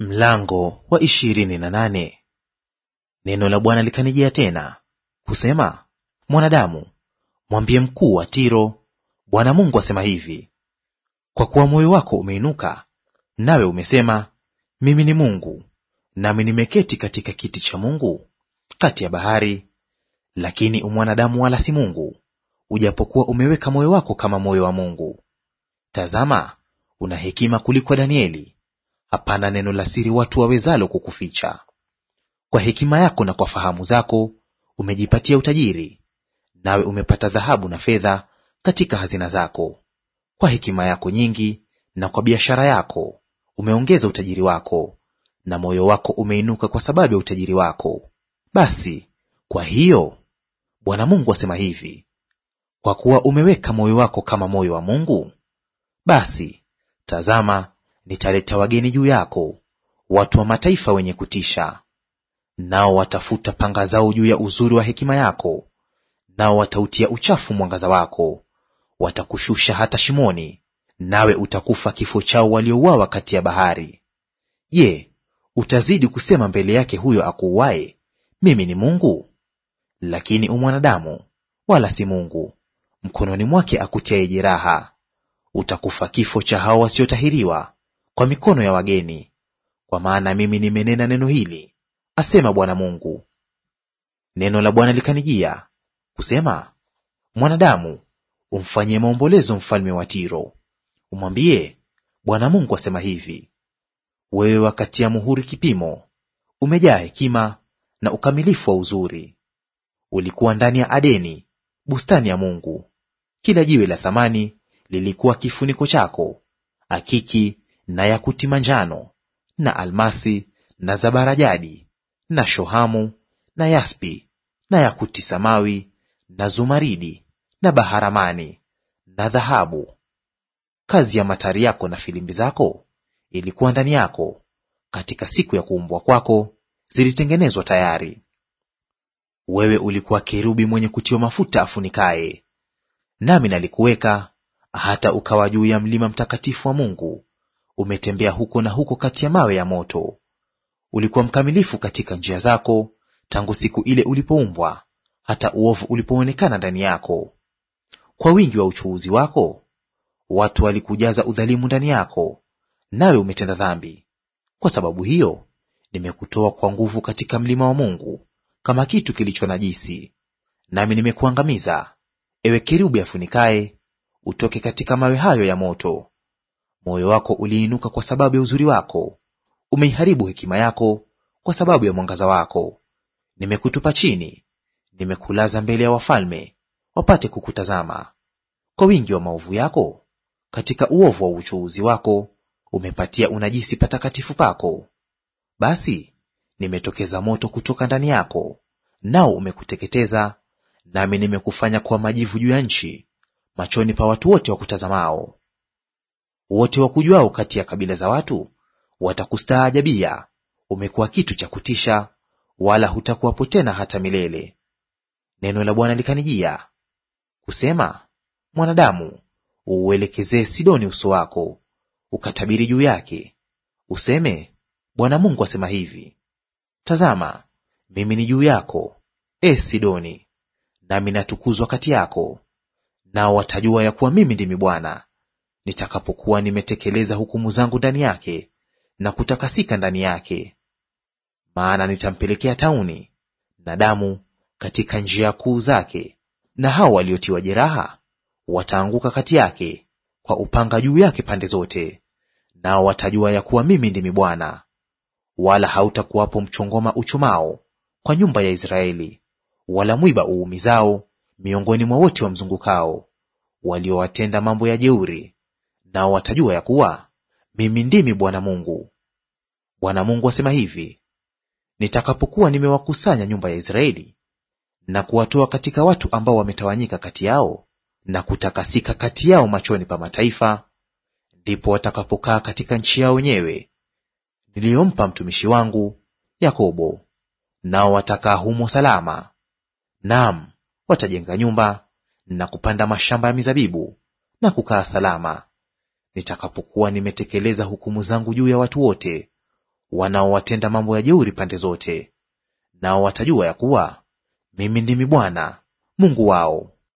Mlango wa ishirini na nane. Neno la Bwana likanijia tena kusema, mwanadamu, mwambie mkuu wa Tiro, Bwana Mungu asema hivi, kwa kuwa moyo wako umeinuka, nawe umesema, mimi ni Mungu, nami nimeketi katika kiti cha Mungu kati ya bahari, lakini umwanadamu wala si Mungu, ujapokuwa umeweka moyo wako kama moyo wa Mungu. Tazama, una hekima kuliko Danieli hapana neno la siri watu wawezalo kukuficha. Kwa hekima yako na kwa fahamu zako umejipatia utajiri, nawe umepata dhahabu na fedha katika hazina zako. Kwa hekima yako nyingi na kwa biashara yako umeongeza utajiri wako, na moyo wako umeinuka kwa sababu ya utajiri wako. Basi kwa hiyo Bwana Mungu asema hivi, kwa kuwa umeweka moyo wako kama moyo wa Mungu, basi tazama, Nitaleta wageni juu yako, watu wa mataifa wenye kutisha, nao watafuta panga zao juu ya uzuri wa hekima yako, nao watautia uchafu mwangaza wako. Watakushusha hata shimoni, nawe utakufa kifo chao waliouawa kati ya bahari. Je, utazidi kusema mbele yake huyo akuuaye, mimi ni Mungu? Lakini umwanadamu, wala si Mungu, mkononi mwake akutiaye jeraha. Utakufa kifo cha hao wasiotahiriwa kwa mikono ya wageni, kwa maana mimi nimenena neno hili, asema Bwana Mungu. Neno la Bwana likanijia kusema, mwanadamu, umfanyie maombolezo mfalme wa Tiro, umwambie, Bwana Mungu asema hivi, wewe wakatia muhuri kipimo, umejaa hekima na ukamilifu wa uzuri. Ulikuwa ndani ya Adeni, bustani ya Mungu. Kila jiwe la thamani lilikuwa kifuniko chako, akiki na yakuti manjano na almasi na zabarajadi na shohamu na yaspi na yakuti samawi na zumaridi na baharamani na dhahabu. Kazi ya matari yako na filimbi zako ilikuwa ndani yako; katika siku ya kuumbwa kwako zilitengenezwa tayari. Wewe ulikuwa kerubi mwenye kutiwa mafuta afunikaye, nami nalikuweka hata ukawa juu ya mlima mtakatifu wa Mungu umetembea huko na huko kati ya mawe ya moto. Ulikuwa mkamilifu katika njia zako tangu siku ile ulipoumbwa, hata uovu ulipoonekana ndani yako. Kwa wingi wa uchuuzi wako watu walikujaza udhalimu ndani yako, nawe umetenda dhambi. Kwa sababu hiyo nimekutoa kwa nguvu katika mlima wa Mungu kama kitu kilicho najisi, nami nimekuangamiza, ewe kerubi afunikaye, utoke katika mawe hayo ya moto. Moyo wako uliinuka kwa sababu ya uzuri wako, umeiharibu hekima yako kwa sababu ya mwangaza wako. Nimekutupa chini, nimekulaza mbele ya wafalme wapate kukutazama. Kwa wingi wa maovu yako, katika uovu wa uchuuzi wako, umepatia unajisi patakatifu pako. Basi nimetokeza moto kutoka ndani yako, nao umekuteketeza, nami nimekufanya kuwa majivu juu ya nchi machoni pa watu wote wakutazamao. Wote wakujuao kati ya kabila za watu watakustaajabia. Umekuwa kitu cha kutisha, wala hutakuwapo tena hata milele. Neno la Bwana likanijia kusema, mwanadamu, uuelekezee Sidoni uso wako, ukatabiri juu yake, useme, Bwana Mungu asema hivi: Tazama, mimi ni juu yako, e Sidoni, nami natukuzwa kati yako, nao watajua ya kuwa mimi ndimi Bwana nitakapokuwa nimetekeleza hukumu zangu ndani yake na kutakasika ndani yake. Maana nitampelekea tauni na damu katika njia kuu zake, na hao waliotiwa jeraha wataanguka kati yake kwa upanga juu yake pande zote, nao watajua ya kuwa mimi ndimi Bwana. Wala hautakuwapo mchongoma uchumao kwa nyumba ya Israeli, wala mwiba uumizao miongoni mwa wote wamzungukao, waliowatenda mambo ya jeuri nao watajua ya kuwa mimi ndimi Bwana Mungu. Bwana Mungu asema hivi, nitakapokuwa nimewakusanya nyumba ya Israeli na kuwatoa katika watu ambao wametawanyika kati yao na kutakasika kati yao machoni pa mataifa, ndipo watakapokaa katika nchi yao wenyewe niliyompa mtumishi wangu Yakobo, nao watakaa humo salama. Naam, watajenga nyumba na kupanda mashamba ya mizabibu na kukaa salama, nitakapokuwa nimetekeleza hukumu zangu juu ya watu wote wanaowatenda mambo ya jeuri pande zote, nao watajua ya kuwa mimi ndimi Bwana Mungu wao.